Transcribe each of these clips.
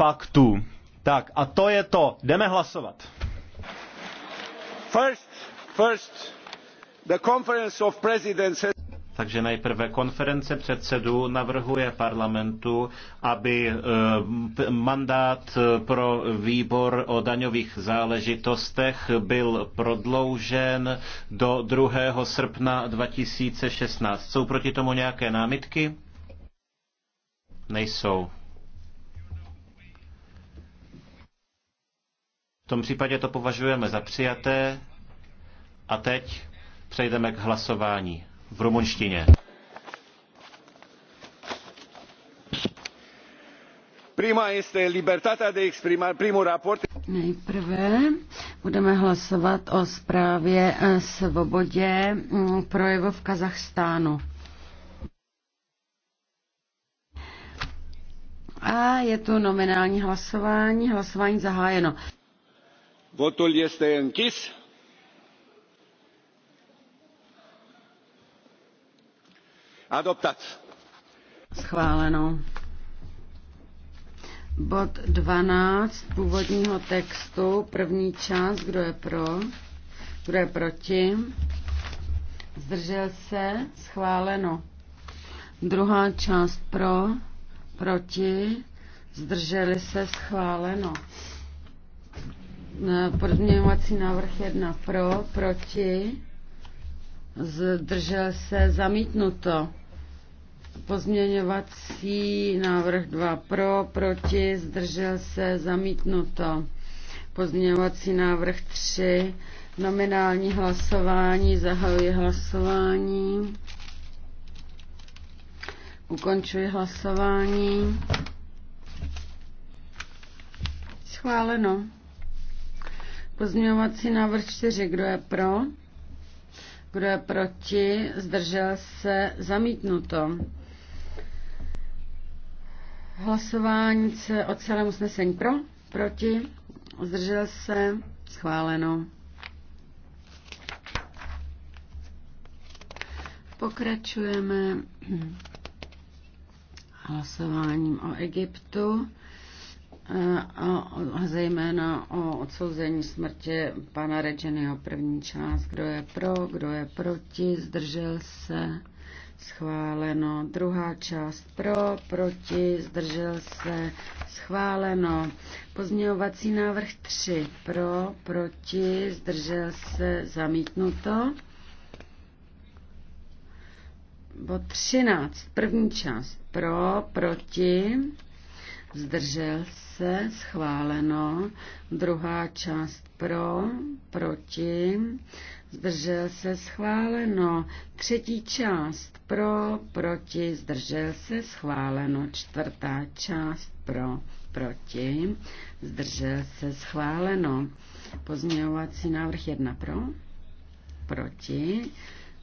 faktů. Tak a to je to. Jdeme hlasovat. First, first, the conference of presidents has... Takže nejprve konference předsedů navrhuje parlamentu, aby eh, mandát eh, pro výbor o daňových záležitostech byl prodloužen do 2. srpna 2016. Jsou proti tomu nějaké námitky? Nejsou. tom případě to považujeme za přijaté. A teď přejdeme k hlasování v rumunštině. Prima este libertatea de exprimare, primul raport. Nejprve budeme hlasovat o zprávě eh, svobodě mm, projevu v Kazachstánu. A je tu nominální hlasování, hlasování zahájeno votul este închis. adoptat. schváleno. Bod 12 původního textu, první část, kdo je pro, kdo je proti, zdržel se, schváleno. Druhá část pro, proti, zdrželi se, schváleno. Podměňovací návrh jedna pro, proti, zdržel se, zamítnuto. Pozměňovací návrh 2 pro, proti, zdržel se, zamítnuto. Pozměňovací návrh 3, nominální hlasování, zahajuji hlasování. Ukončuji hlasování. Schváleno. Pozměňovací návrh 4. Kdo je pro? Kdo je proti? Zdržel se? Zamítnuto. Hlasování se o celém usnesení pro? Proti? Zdržel se? Schváleno. Pokračujeme hlasováním o Egyptu a zejména o odsouzení smrti pana Regenyho první část. Kdo je pro, kdo je proti, zdržel se, schváleno. Druhá část pro, proti, zdržel se, schváleno. Pozměňovací návrh 3 pro, proti, zdržel se, zamítnuto. Bod 13, první část pro, proti, zdržel se, schváleno. Druhá část pro, proti, zdržel se, schváleno. Třetí část pro, proti, zdržel se, schváleno. Čtvrtá část pro, proti, zdržel se, schváleno. Pozměňovací návrh jedna pro, proti,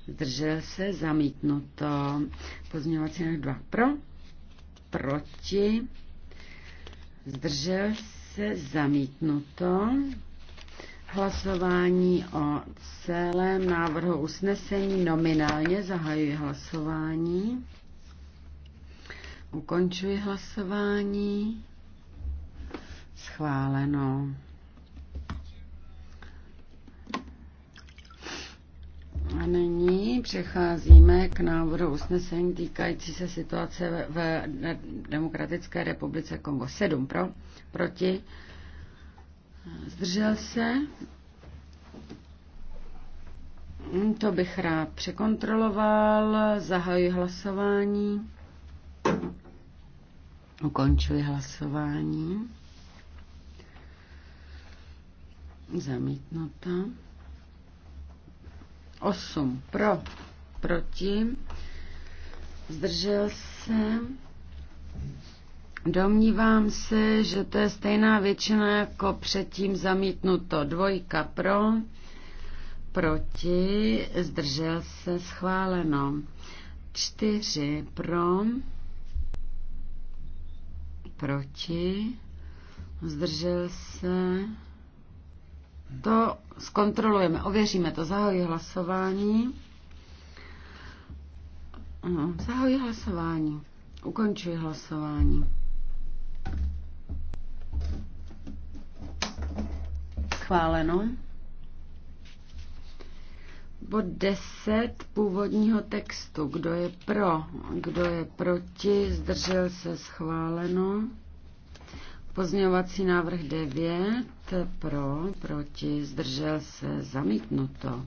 zdržel se, zamítnuto. Pozměňovací návrh dva pro, proti, zdržel se, zamítnuto. Hlasování o celém návrhu usnesení nominálně zahajuji hlasování. Ukončuji hlasování. Schváleno. A nyní přecházíme k návrhu usnesení týkající se situace v Demokratické republice Kongo. Sedm pro, proti. Zdržel se. To bych rád překontroloval. Zahajuji hlasování. Ukončuji hlasování. Zamítnuto. 8 pro, proti, zdržel se. Domnívám se, že to je stejná většina jako předtím zamítnuto. Dvojka pro, proti, zdržel se, schváleno. Čtyři pro, proti, zdržel se, to zkontrolujeme, ověříme to. Zahojí hlasování. Zahojí hlasování. Ukončuji hlasování. Schváleno. Bod 10 původního textu. Kdo je pro, kdo je proti, zdržel se schváleno. Pozměňovací návrh 9 pro, proti, zdržel se, zamítnuto.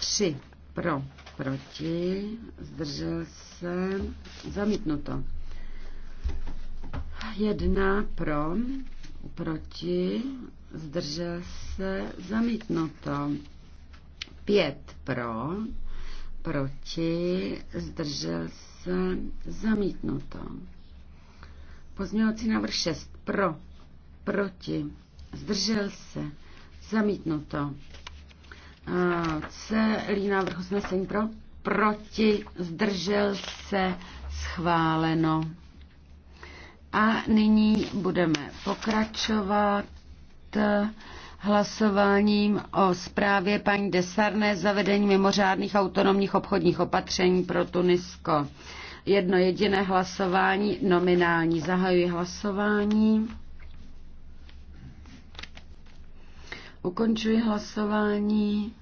3 pro, proti, zdržel se, zamítnuto. 1 pro, proti, zdržel se, zamítnuto. 5 pro, proti, zdržel se, zamítnuto. Pozměňovací návrh 6 pro, proti, zdržel se, zamítnuto. Celý návrh usnesení pro, proti, zdržel se, schváleno. A nyní budeme pokračovat hlasováním o zprávě paní Desarné zavedení mimořádných autonomních obchodních opatření pro Tunisko. Jedno jediné hlasování, nominální. Zahajuji hlasování. Ukončuji hlasování.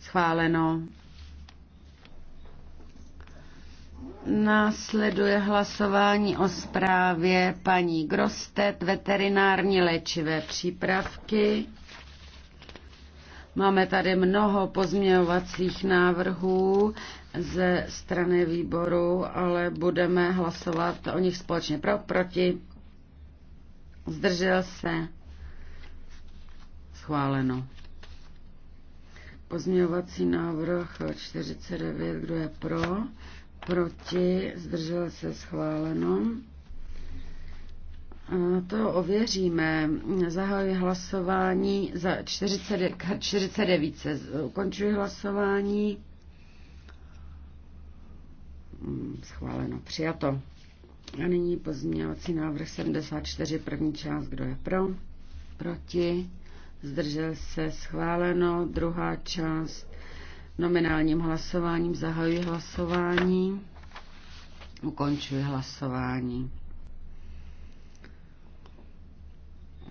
Schváleno. Následuje hlasování o zprávě paní Grostet, veterinární léčivé přípravky. Máme tady mnoho pozměňovacích návrhů ze strany výboru, ale budeme hlasovat o nich společně pro, proti. Zdržel se. Schváleno. Pozměňovací návrh 49, kdo je pro? Proti, zdržel se schváleno. To ověříme. Zahajuji hlasování za 40, 49. Ukončuji hlasování. Hmm, schváleno, přijato. A nyní pozměňovací návrh 74, první část, kdo je pro, proti, zdržel se, schváleno. Druhá část nominálním hlasováním zahajuji hlasování, ukončuji hlasování.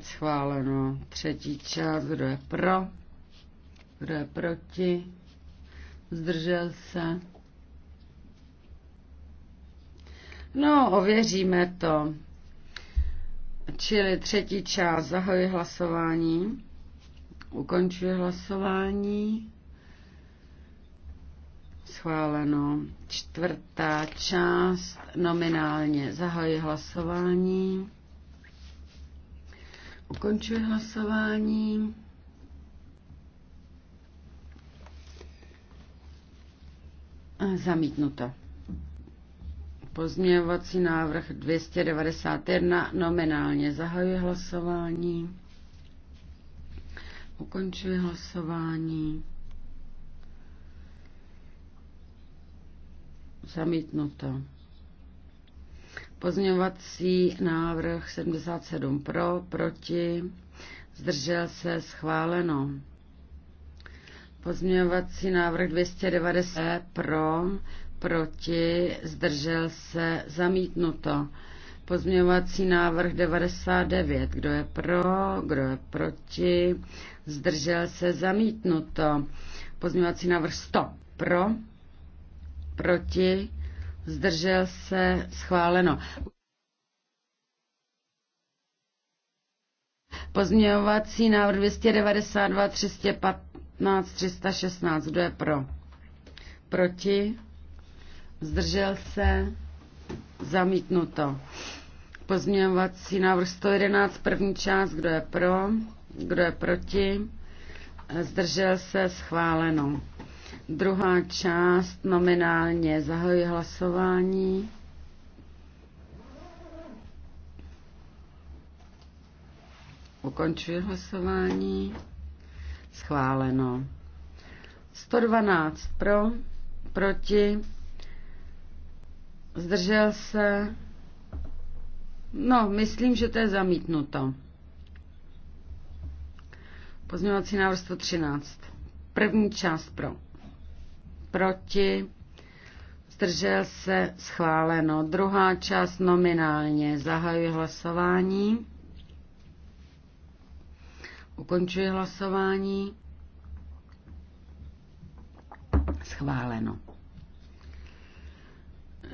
Schváleno. Třetí část, kdo je pro, kdo je proti, zdržel se. No, ověříme to. Čili třetí část, zahajuji hlasování. Ukončuji hlasování. Schváleno. Čtvrtá část nominálně. Zahajuji hlasování. Ukončuji hlasování. Zamítnuto. Pozměňovací návrh 291 nominálně zahajuje hlasování ukončili hlasování. Zamítnuto. Pozměňovací návrh 77 pro, proti, zdržel se, schváleno. Pozměňovací návrh 290 pro, proti, zdržel se, zamítnuto. Pozměňovací návrh 99. Kdo je pro, kdo je proti? Zdržel se zamítnuto. Pozměňovací návrh 100. Pro, proti? Zdržel se schváleno. Pozměňovací návrh 292, 315, 316. Kdo je pro? Proti? Zdržel se? Zamítnuto. Pozměňovací návrh 111, první část, kdo je pro, kdo je proti, zdržel se schváleno. Druhá část nominálně zahajuji hlasování. Ukončuji hlasování. Schváleno. 112 pro, proti, zdržel se, No, myslím, že to je zamítnuto. Pozměňovací návrh 113. První část pro. Proti. Zdržel se schváleno. Druhá část nominálně. Zahajuji hlasování. Ukončuji hlasování. Schváleno.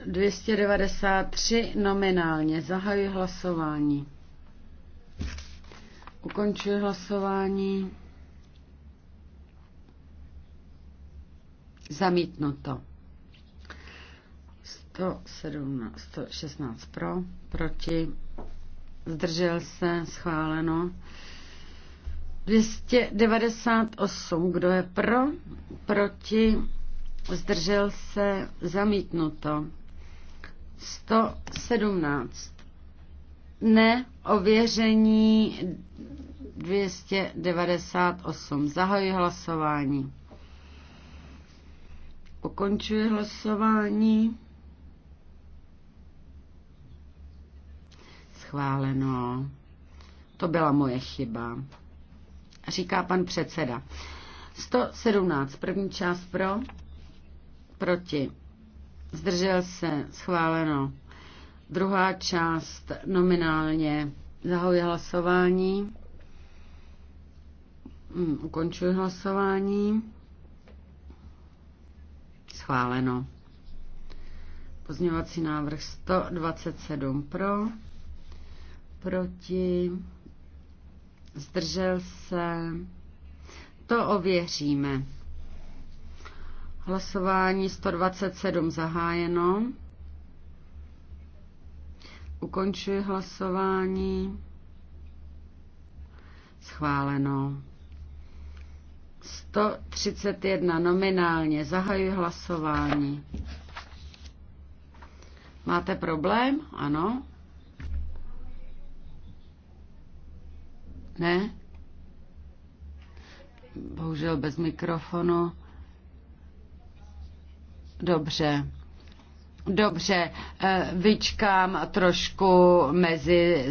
293 nominálně. Zahajuji hlasování. Ukončuji hlasování. Zamítnuto. 117, 116 pro, proti, zdržel se, schváleno. 298, kdo je pro, proti, zdržel se, zamítnuto. 117. Ne, ověření 298. Zahajuji hlasování. Ukončuji hlasování. Schváleno. To byla moje chyba. Říká pan předseda. 117. První část pro. Proti zdržel se, schváleno. Druhá část nominálně zahoji hlasování. Hm, ukončuji hlasování. Schváleno. Pozměňovací návrh 127 pro, proti, zdržel se, to ověříme. Hlasování 127 zahájeno. Ukončuji hlasování. Schváleno. 131 nominálně. Zahajuji hlasování. Máte problém? Ano. Ne? Bohužel bez mikrofonu. Dobře. Dobře, eh, vyčkám trošku mezi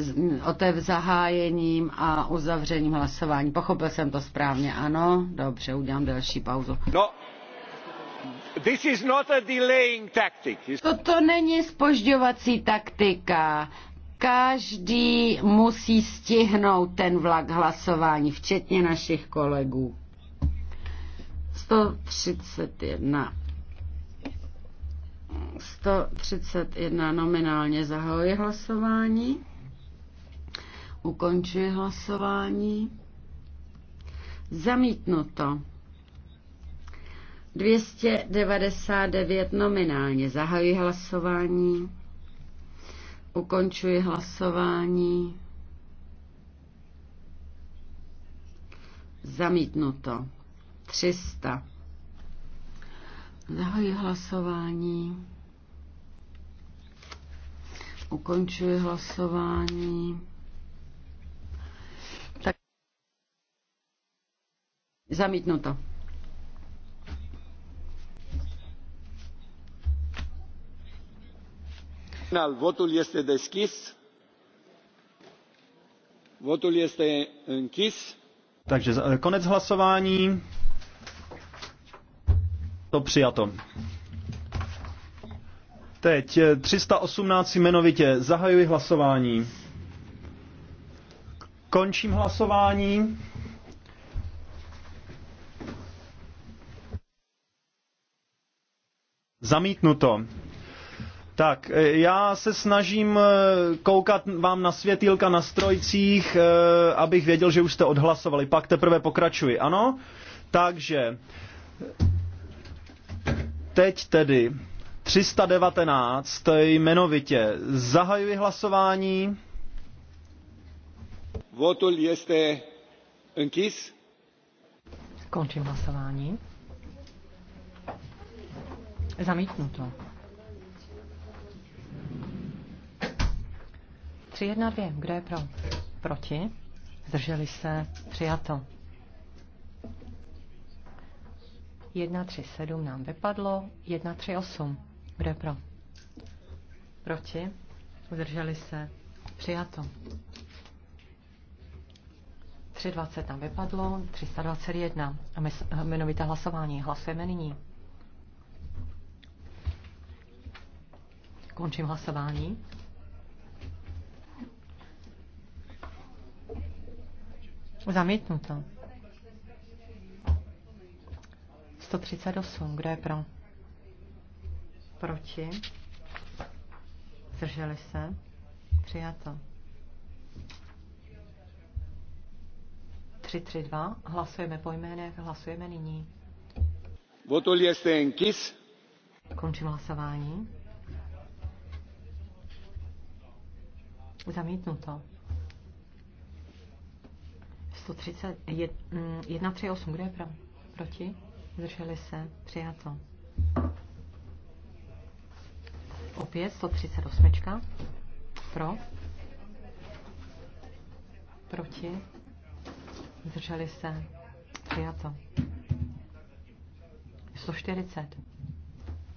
otev zahájením a uzavřením hlasování. Pochopil jsem to správně, ano? Dobře, udělám další pauzu. No. This is not a delaying tactic. Toto není spožďovací taktika. Každý musí stihnout ten vlak hlasování, včetně našich kolegů. 131 131 nominálně zahajuji hlasování. Ukončuji hlasování. Zamítnuto. 299 nominálně zahajuji hlasování. Ukončuji hlasování. Zamítnuto. 300. Zahajuji hlasování. Ukončuji hlasování. Tak. Zamítnuto. final votul este deschis votul este închis takže konec hlasování to přijato. Teď 318 jmenovitě. Zahajuji hlasování. Končím hlasování. Zamítnuto. Tak, já se snažím eh, koukat vám na světýlka na strojcích, eh, abych věděl, že už jste odhlasovali. Pak teprve pokračuji, ano? Takže, teď tedy 319 jmenovitě. Zahajuji hlasování. Votul jeste închis. Končím hlasování. Zamítnuto. 3, 1, 2. Kdo je pro? Proti? Zdrželi se? Přijato. 1, 3, 7 nám vypadlo. 1, 3, 8. Kdo je pro? Proti? Zdrželi se? Přijato. 320 tam vypadlo, 321 a my jmenovité hlasování. Hlasujeme nyní. Končím hlasování. Zamítnuto. 138. Kdo je pro? Proti? Zdrželi se? Přijato. 332. Hlasujeme po jménech, hlasujeme nyní. Votul este închis. Končím hlasování. Zamítnuto. 130, 138, mm, kdo je pro? Proti? Zdrželi se? Přijato. Opět 138. Pro. Proti. Zdrželi se. Přijato. 140.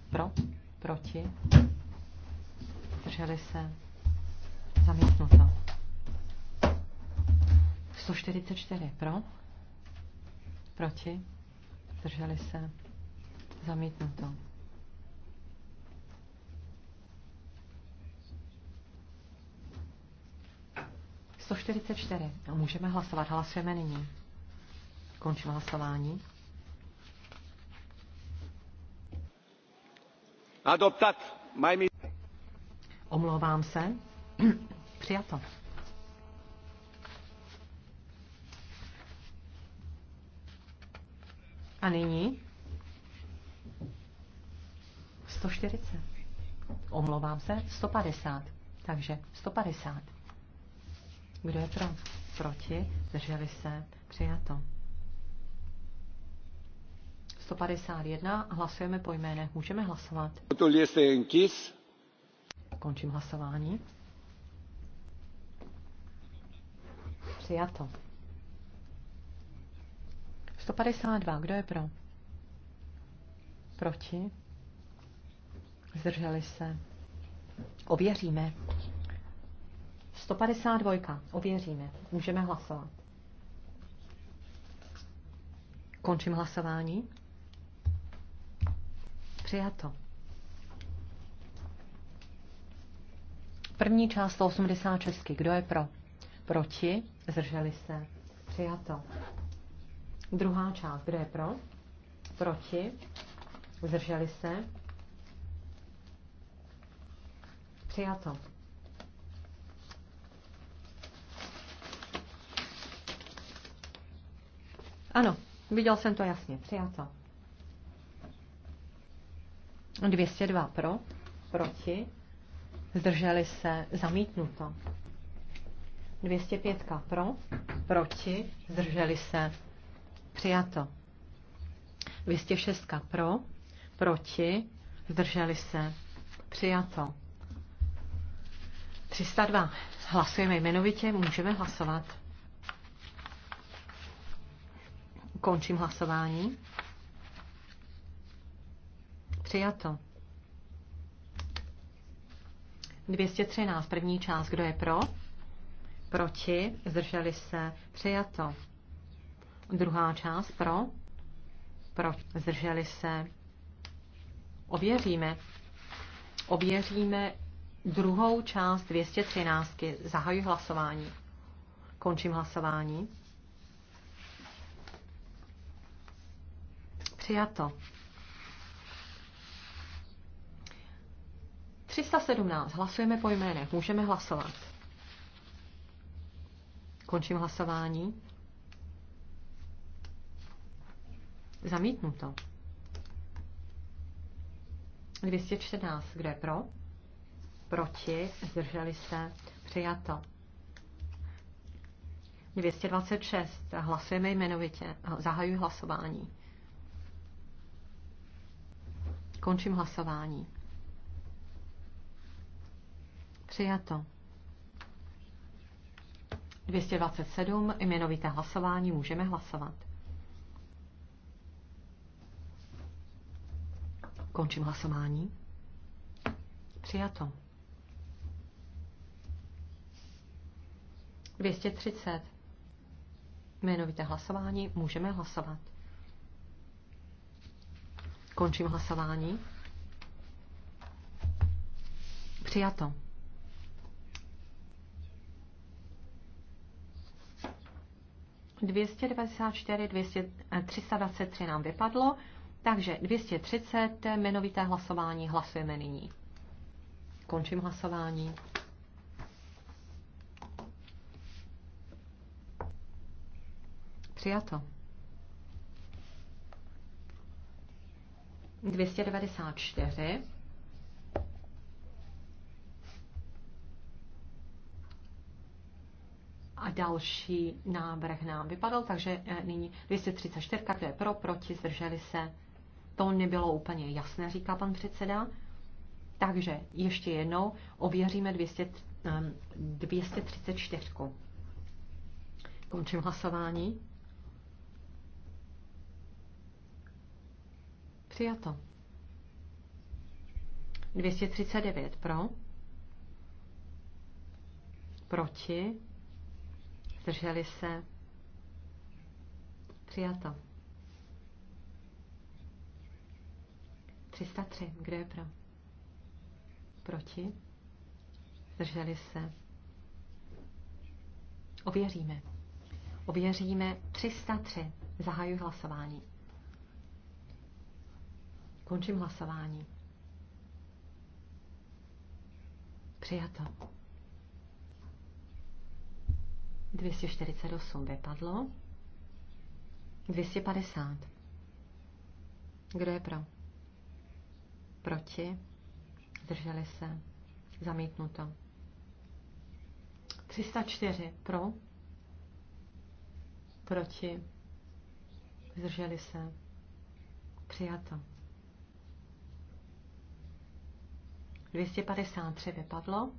Pro. Proti. Zdrželi se. Zamítnuto. 144. Pro. Proti. Zdrželi se. Zamítnuto. 44. No, můžeme hlasovat. Hlasujeme nyní. Končím hlasování. Adoptat. Majmi. Omlouvám se. Přijato. A nyní 140. Omlouvám se, 150. Takže 150. Kdo je pro? Proti? Zdrželi se? Přijato. 151. Hlasujeme po jménech. Můžeme hlasovat. Končím hlasování. Přijato. 152. Kdo je pro? Proti? Zdrželi se. Ověříme. 152. Ověříme. Můžeme hlasovat. Končím hlasování. Přijato. První část 186. Kdo je pro? Proti? Zrželi se. Přijato. Druhá část. Kdo je pro? Proti? Zrželi se. Přijato. Ano, viděl jsem to jasně, přijato. 202 pro, proti, zdrželi se, zamítnuto. 205 pro, proti, zdrželi se, přijato. 206 pro, proti, zdrželi se, přijato. 302. Hlasujeme jmenovitě, můžeme hlasovat. Končím hlasování. Přijato. 213, první část, kdo je pro? Proti, zdrželi se, přijato. Druhá část, pro? Proti, zdrželi se. Ověříme. Ověříme druhou část 213. Zahajuji hlasování. Končím hlasování. přijato. 317. Hlasujeme po jménech. Můžeme hlasovat. Končím hlasování. to. 214. Kdo je pro? Proti? Zdrželi se? Přijato. 226. Hlasujeme jmenovitě. Zahajuji hlasování. Končím hlasování. Přijato. 227 jmenovité hlasování můžeme hlasovat. Končím hlasování. Přijato. 230 jmenovité hlasování můžeme hlasovat. Končím hlasování. Přijato. Dvěstě devadesát čtyři, eh, nám vypadlo, takže 230 jmenovité hlasování hlasujeme nyní. Končím hlasování. Přijato. 294. A další návrh nám vypadl, takže eh, nyní 234, kdo je pro, proti, zdrželi se. To nebylo úplně jasné, říká pan předseda. Takže ještě jednou ověříme 200, 234. Eh, Končím hlasování. Přijato. 239 pro. Proti. Zdrželi se. Přijato. 303. Kdo je pro? Proti. Zdrželi se. Ověříme. Ověříme 303. Zahajuji hlasování. Končím hlasování. Přijato. 248 vypadlo. 250. Kdo je pro? Proti? Zdrželi se? Zamítnuto. 304 pro? Proti? Zdrželi se? Přijato. 253 vypadlo.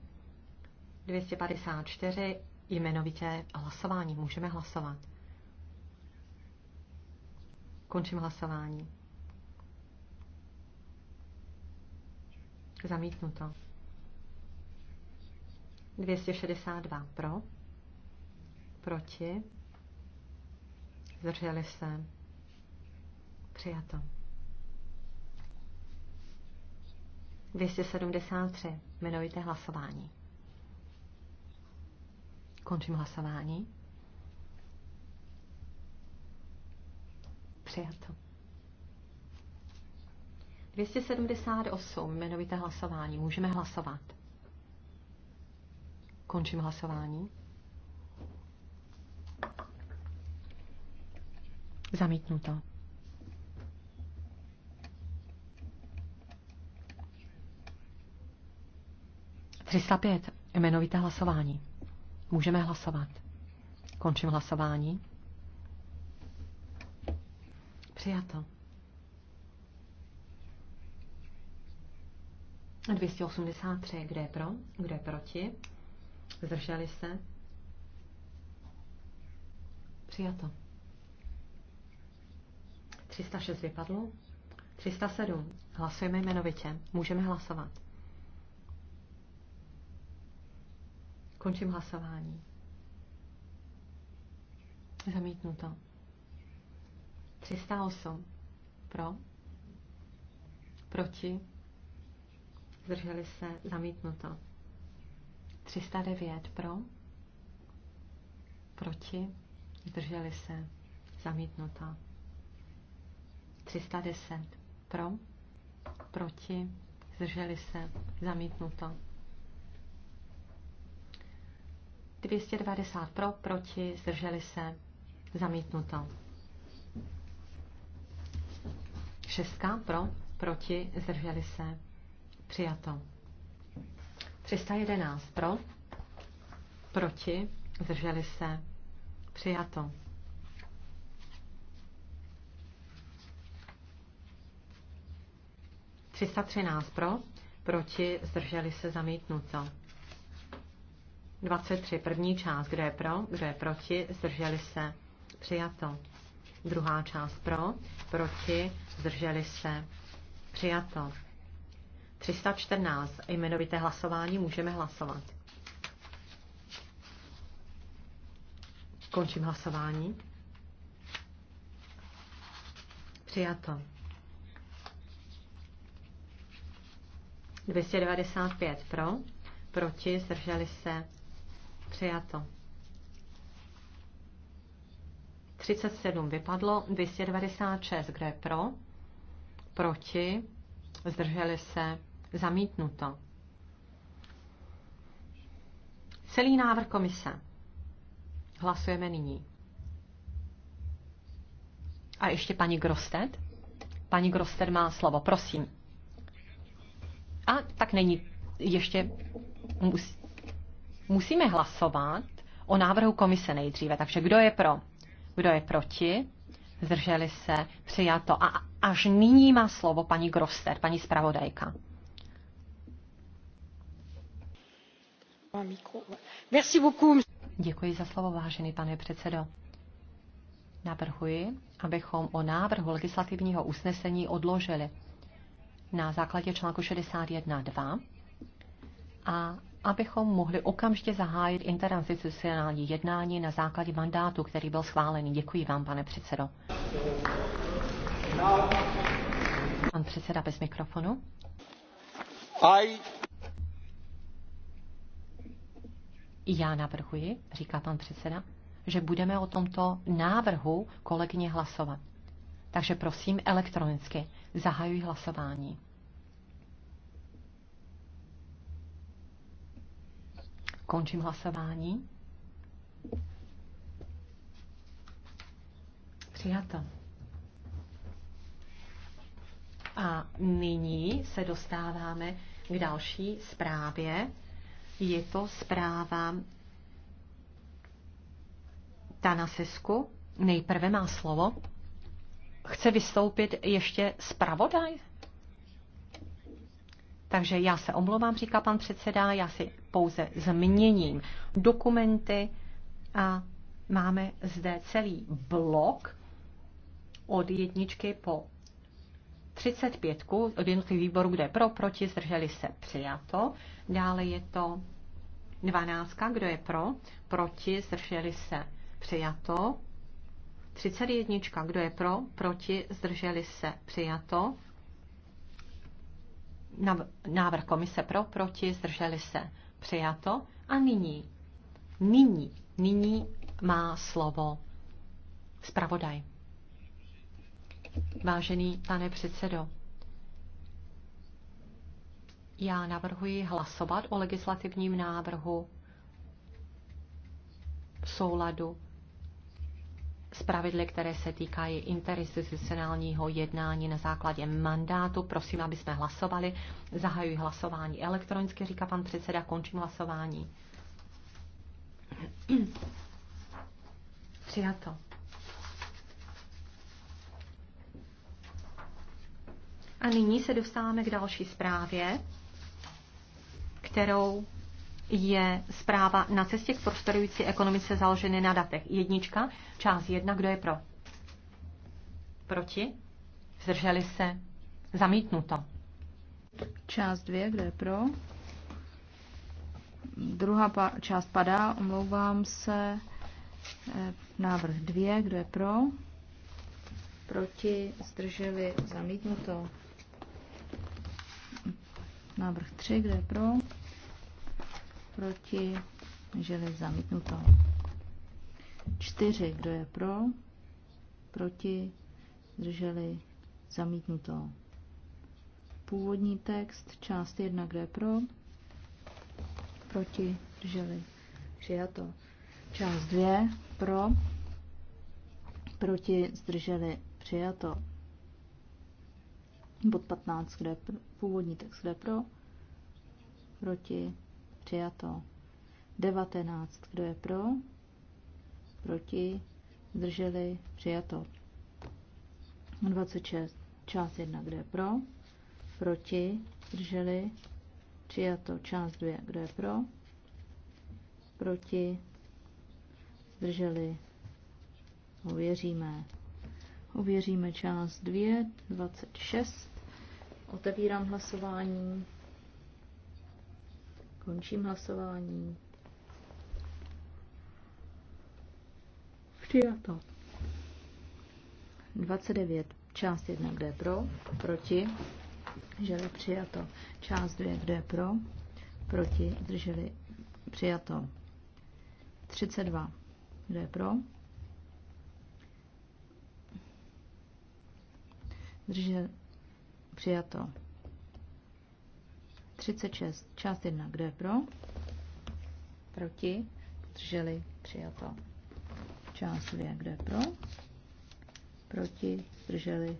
254 jmenovitě hlasování. Můžeme hlasovat. Končím hlasování. Zamítnuto. 262 pro. Proti. Zdrželi se. Přijato. 273. Jmenujte hlasování. Končím hlasování. Přijato. 278. Jmenovité hlasování. Můžeme hlasovat. Končím hlasování. Zamítnuto. 305. Jmenovité hlasování. Můžeme hlasovat. Končím hlasování. Přijato. 283. Kdo je pro? Kdo je proti? Zdrželi se? Přijato. 306 vypadlo. 307. Hlasujeme jmenovitě. Můžeme hlasovat. Končím hlasování. Zamítnuto. 308. Pro. Proti. Zdrželi se. Zamítnuto. 309. Pro. Proti. Zdrželi se. Zamítnuto. 310. Pro. Proti. Zdrželi se. Zamítnuto. 290 pro, proti, zdrželi se, zamítnuto. Šestka pro, proti, zdrželi se, přijato. 311 pro, proti, zdrželi se, přijato. 313 pro, proti, zdrželi se zamítnuto. 23. První část, kdo je pro, kdo je proti, zdrželi se. Přijato. Druhá část pro, proti, zdrželi se. Přijato. 314. Jmenovité hlasování můžeme hlasovat. Končím hlasování. Přijato. 295 pro, proti, zdrželi se, Přijato. 37 vypadlo, 296, kde je pro, proti, zdrželi se, zamítnuto. Celý návrh komise. Hlasujeme nyní. A ještě paní Grosted. Paní Grosted má slovo, prosím. A tak není ještě musí musíme hlasovat o návrhu komise nejdříve. Takže kdo je pro? Kdo je proti? Zdrželi se? Přijato. A až nyní má slovo paní Groster, paní zpravodajka. Děkuji za slovo, vážený pane předsedo. Navrhuji, abychom o návrhu legislativního usnesení odložili na základě článku 61.2 a abychom mohli okamžitě zahájit interinstitucionální jednání na základě mandátu, který byl schválený. Děkuji vám, pane předsedo. Pan předseda bez mikrofonu. I... Já navrhuji, říká pan předseda, že budeme o tomto návrhu kolegyně hlasovat. Takže prosím elektronicky zahajuji hlasování. Končím hlasování. Přijato. A nyní se dostáváme k další zprávě. Je to zpráva Tanasesku. Nejprve má slovo. Chce vystoupit ještě zpravodaj? Takže já se omlouvám, říká pan předseda, já si pouze změním dokumenty a máme zde celý blok od jedničky po 35 od jednotlivých výborů, kde pro, proti, zdrželi se, přijato. Dále je to 12, kdo je pro, proti, zdrželi se, přijato. 31, kdo je pro, proti, zdrželi se, přijato. Návrh komise pro, proti, zdrželi se, Přijato. A nyní, nyní, nyní má slovo zpravodaj. Vážený pane předsedo, já navrhuji hlasovat o legislativním návrhu souladu s pravidly, které se týkají interinstitucionálního jednání na základě mandátu. Prosím, aby jsme hlasovali. Zahajuji hlasování elektronicky, říká pan předseda, končím hlasování. Přijato. A nyní se dostáváme k další zprávě, kterou je zpráva na cestě k prosperující ekonomice založené na datech. Jednička, část jedna, kdo je pro? Proti? Zdrželi se? Zamítnuto. Část dvě, kdo je pro? Druhá pa- část padá, omlouvám se. E, návrh dvě, kdo je pro? Proti? Zdrželi? Zamítnuto. Návrh tři, kdo je pro? proti, žili zamítnuto. Čtyři, kdo je pro, proti, drželi zamítnuto. Původní text, část jedna, kdo je pro, proti, drželi přijato. Část dvě, pro, proti, zdrželi přijato. Bod 15, kde je původní text, kde je pro, proti, Přijato. 19. Kdo je pro? Proti? Zdrželi? Přijato. 26. Část 1. Kdo je pro? Proti? Zdrželi? Přijato. Část 2. Kdo je pro? Proti? Zdrželi? uvěříme, uvěříme část 2. 26. Otevírám hlasování. Končím hlasování. Přijato. 29. Část 1, kde je pro, proti, drželi přijato. Část 2, kde je pro, proti, drželi přijato. 32, kde je pro, drželi přijato. 36. Část 1. Kdo je pro? Proti? Drželi? Přijato. Část 2. Kdo je pro? Proti? Drželi?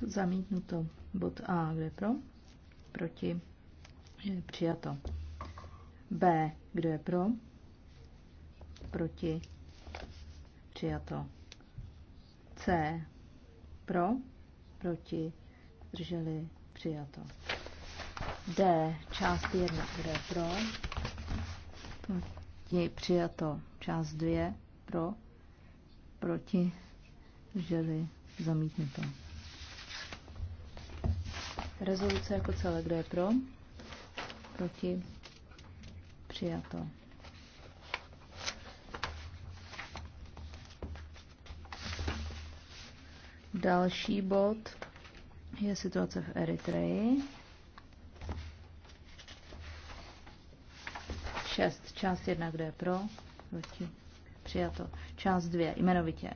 Zamítnuto. Bod A. Kdo je pro? Proti? Je přijato. B. Kdo je pro? Proti? Přijato. C. Pro? Proti? zdrželi, přijato. D, část 1, kdo je pro, je přijato. Část 2, pro, proti, zdrželi, zamítnuto. Rezoluce jako celé, kdo je pro, proti, přijato. Další bod je situace v Eritreji. Šest. Část jedna, kde je pro, proti, přijato. Část dvě, jmenovitě.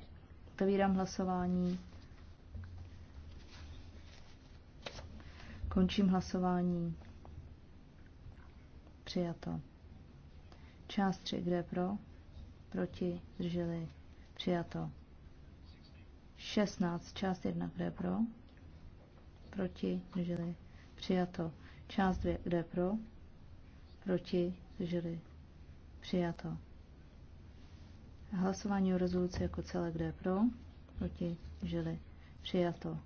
Otevírám hlasování. Končím hlasování. Přijato. Část tři kde pro? Proti, zdrželi, přijato. 16, část 1, kde pro? proti, drželi, přijato. Část dvě, kdo je pro, proti, drželi, přijato. Hlasování o rezoluci jako celé, kdo je pro, proti, drželi, přijato.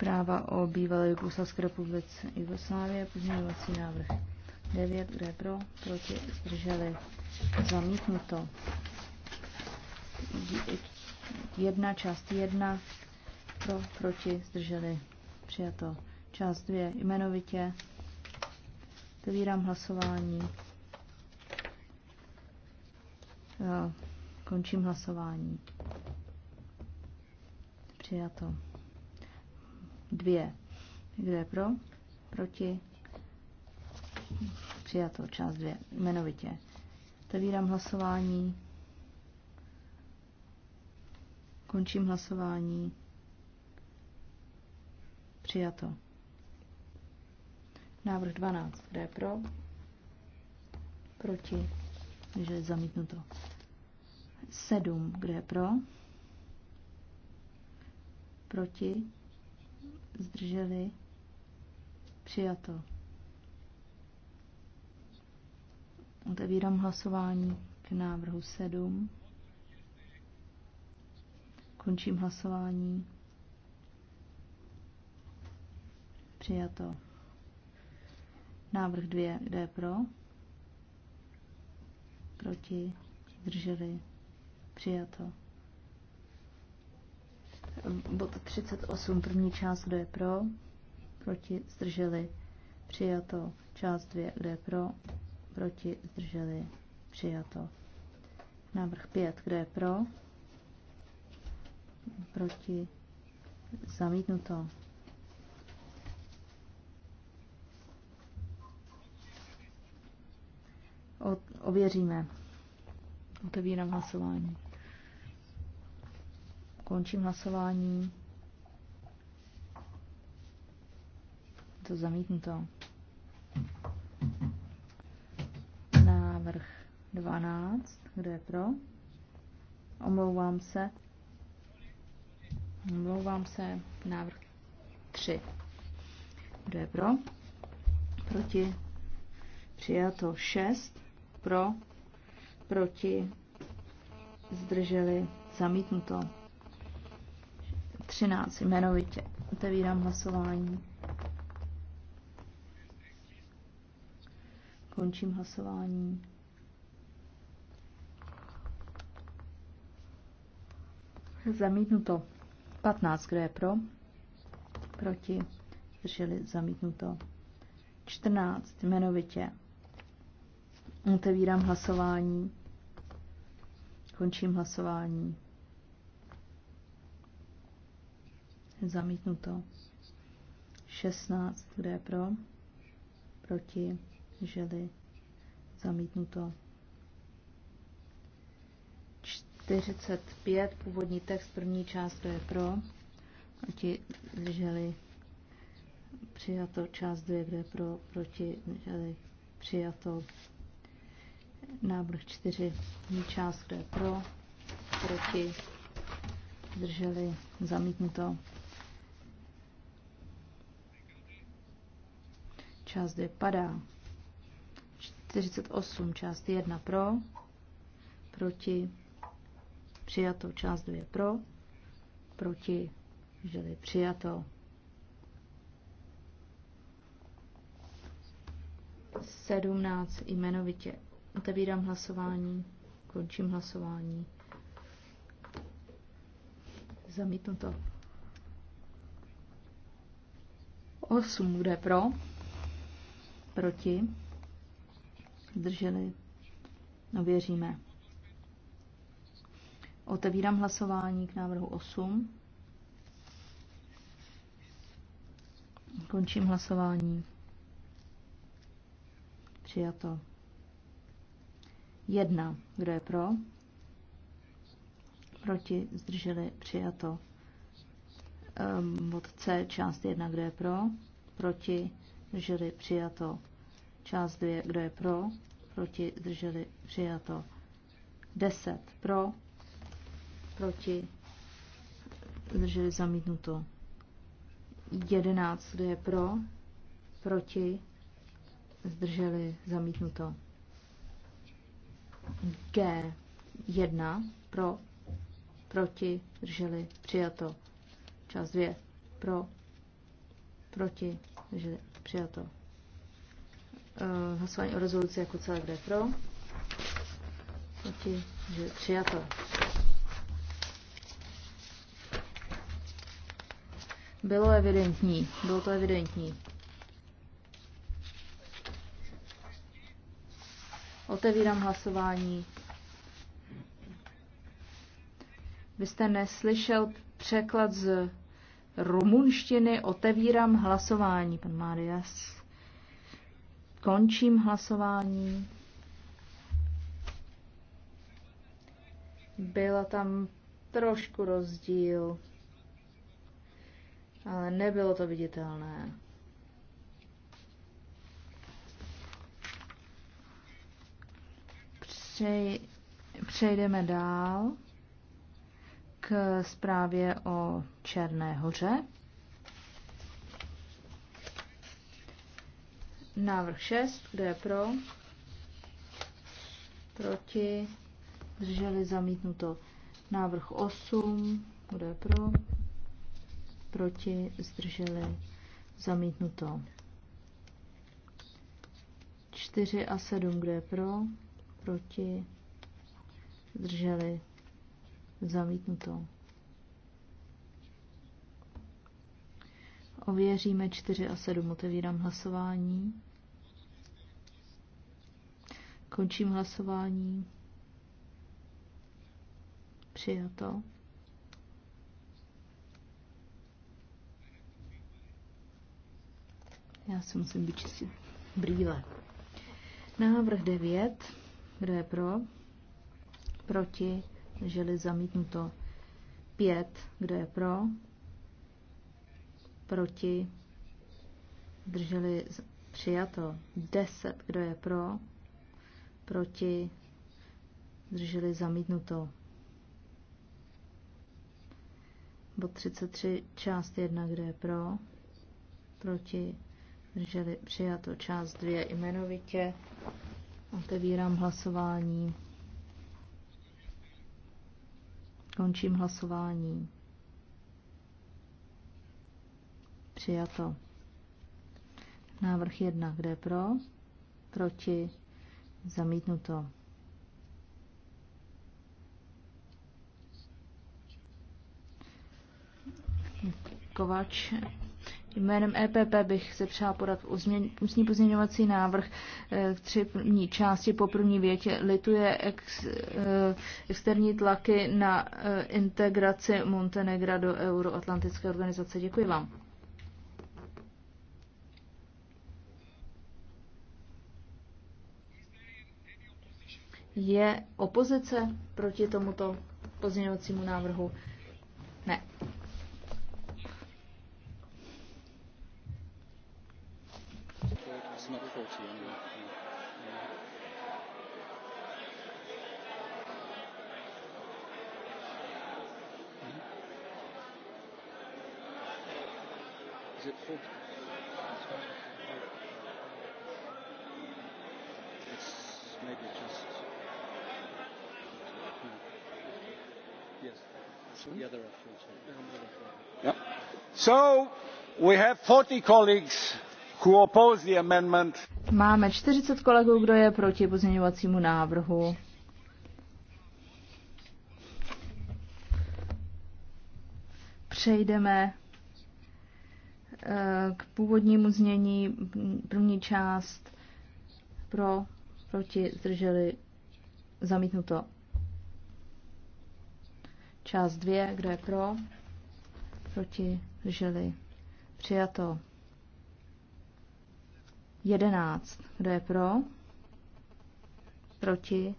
Práva o bývalé Jugoslavské republice Jugoslávie, pozměňovací návrh 9, kde je pro, proti, zdrželi, zamítnuto. Jedna část jedna, pro, proti, zdrželi, přijato. Část dvě, jmenovitě. Otevírám hlasování. Eh, končím hlasování. Přijato. Dvě. Kdo je pro? Proti? Přijato. Část dvě. Jmenovitě. Otevírám hlasování. Končím hlasování. Přijato. Návrh 12. Kdo je pro? Proti? Takže je zamítnuto. 7. Kdo je pro? Proti? zdrželi, přijato. Otevírám hlasování k návrhu 7. Končím hlasování. Přijato. Návrh 2. Kdo je pro? Proti. Zdrželi. Přijato. Bod 38, první část, kdo je pro, proti, zdrželi, přijato. Část 2, kdo je pro, proti, zdrželi, přijato. Návrh 5, kdo je pro, proti, zamítnuto. O, ověříme. Otevírám hlasování. Končím hlasování. To zamítnuto. Návrh 12. Kdo je pro? Omlouvám se. Omlouvám se. Návrh 3. Kdo je pro? Proti? Přijato 6. Pro? Proti? Zdrželi? Zamítnuto. 13 jmenovitě. Otevírám hlasování. Končím hlasování. Zamítnuto. 15, kdo je pro? Proti. Zdrželi zamítnuto. 14 jmenovitě. Otevírám hlasování. Končím hlasování. zamítnuto. 16, kdo je pro, proti, želi, zamítnuto. 45, původní text, první část, kdo je pro, proti, želi, přijato, část 2, kdo je pro, proti, želi, přijato. Návrh 4, první část, kdo je pro, proti, drželi, zamítnuto. Část 2 padá. 48. Část 1 pro. Proti. Přijato. Část 2 pro. Proti. Žili přijato. Sedmnáct jmenovitě. Otevírám hlasování, končím hlasování. Zamítnu to. Osm bude pro, Proti? Zdrželi? No věříme. Otevírám hlasování k návrhu 8. Končím hlasování. Přijato. Jedna. Kdo je pro? Proti? Zdrželi? Přijato. Um, ehm, od C část 1. Kdo je pro? Proti? zdrželi přijato. Část 2, kdo je pro, proti, zdrželi přijato. 10 pro, proti, zdrželi zamítnuto. 11, kdo je pro, proti, zdrželi zamítnuto. G, 1, pro, proti, zdrželi přijato. Část 2, pro, proti, zdrželi Přijato. Eh, hlasování o rezoluci jako celé, kde pro. Proti, že přijato. Bylo evidentní, bylo to evidentní. Otevírám hlasování. Vy jste neslyšel překlad z rumunštiny. Otevírám hlasování, pan Marias. Končím hlasování. Byla tam trošku rozdíl, ale nebylo to viditelné. Přej, přejdeme dál zprávě o Černé hoře. Návrh 6, kde je pro? Proti? Zdrželi zamítnuto. Návrh 8, kde je pro? Proti? Zdrželi zamítnuto. 4 a 7, kde je pro? Proti? Zdrželi Zamítnuto. Ověříme 4 a 7. Otevírám hlasování. Končím hlasování. Přijato. Já si musím vyčistit brýle. Návrh 9. Kdo je pro? Proti? Drželi zamítnuto. 5. Kdo je pro? Proti? Drželi přijato. 10. Kdo je pro? Proti? Drželi zamítnuto. Bod 33, část 1, kde je pro, proti, drželi přijato část 2 jmenovitě. Otevírám hlasování. Končím hlasování. Přijato. Návrh 1. Kde pro? Proti? Zamítnuto. Kovač Jménem EPP bych se přála podat ústní pozměňovací návrh eh, v tři první části po první větě. Lituje ex, eh, externí tlaky na eh, integraci Montenegra do Euroatlantické organizace. Děkuji vám. Je opozice proti tomuto pozměňovacímu návrhu? not 40 anyway. Is it 40? It's maybe just. Yes. the other 40. Yeah. So we have 40 colleagues Máme 40 kolegů, kdo je proti pozměňovacímu návrhu. Přejdeme eh, k původnímu znění první část pro, proti, zdrželi, zamítnuto. Část dvě, kdo je pro, proti, zdrželi, přijato. 11. Kdo je pro? Proti?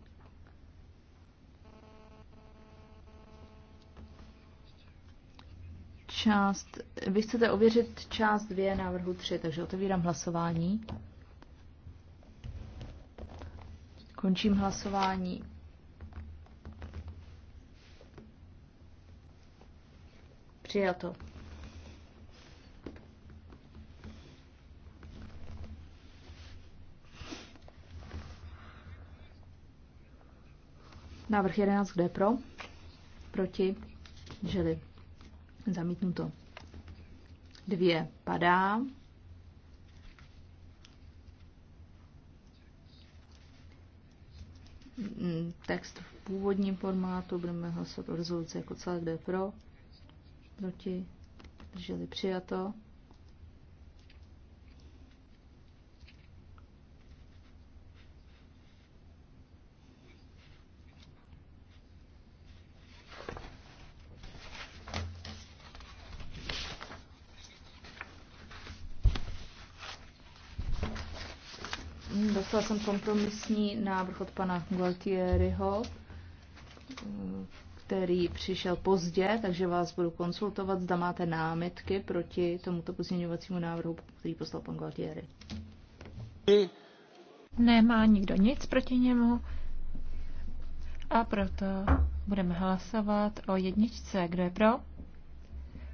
Část, vy chcete ověřit část 2 návrhu 3, takže otevírám hlasování. Končím hlasování. Přijato. Návrh 11, kde pro? Proti? zamítnu Zamítnuto. Dvě padá. Mm, text v původním formátu, budeme hlasovat o rezoluci jako celé, kde pro, proti, drželi přijato. Dostal jsem kompromisní návrh od pana Gualtieriho, eh, který přišel pozdě, takže vás budu konsultovat, zda máte námitky proti tomuto pozměňovacímu návrhu, který poslal pan Gualtieri. Nemá nikdo nic proti němu a proto budeme hlasovat o jedničce. Kdo je pro?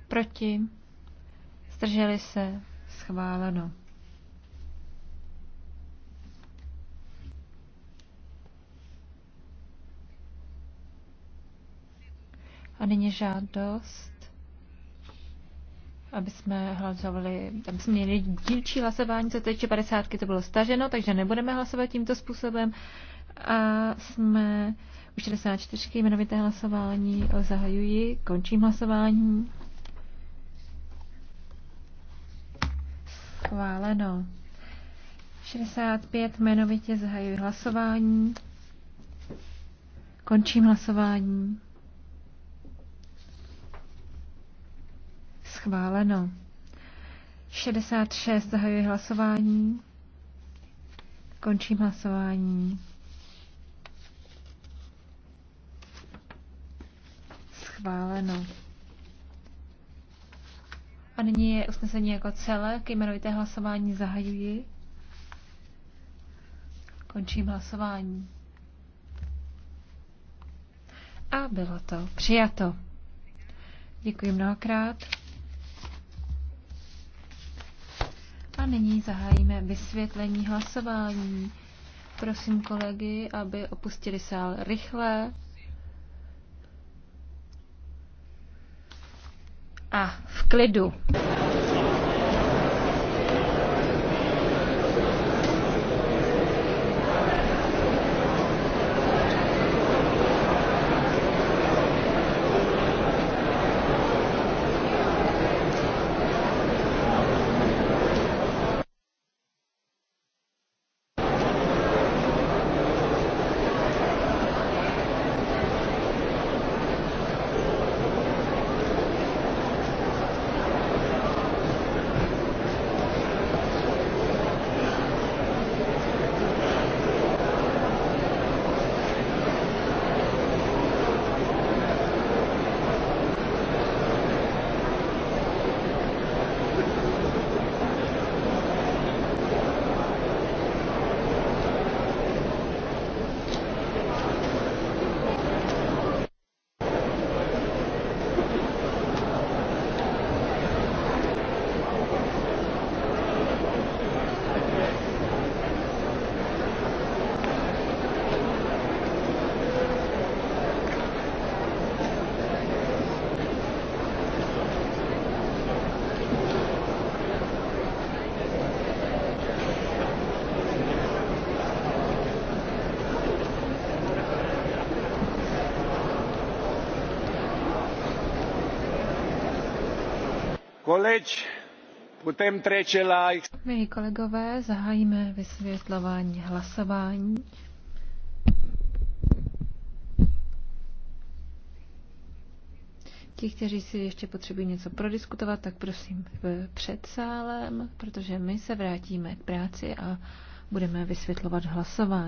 Proti? Zdrželi se? Schváleno. nyní žádost, aby jsme hlasovali, aby jsme měli dílčí hlasování, co teď 50, to bylo staženo, takže nebudeme hlasovat tímto způsobem. A jsme u 64 jmenovité hlasování zahajuji, končím hlasování. Schváleno. 65 jmenovitě zahajuji hlasování. Končím hlasování. schváleno. 66 zahajuji hlasování. Končím hlasování. Schváleno. A nyní je usnesení jako celek. Jmenovité hlasování zahajuji. Končím hlasování. A bylo to přijato. Děkuji mnohokrát. nyní zahájíme vysvětlení hlasování. Prosím kolegy, aby opustili sál rychle. A v klidu. Koleč, kolegové, zahájíme vysvětlování hlasování. Ti, kteří si ještě potřebují něco prodiskutovat, tak prosím v předsálem, protože my se vrátíme k práci a budeme vysvětlovat hlasování.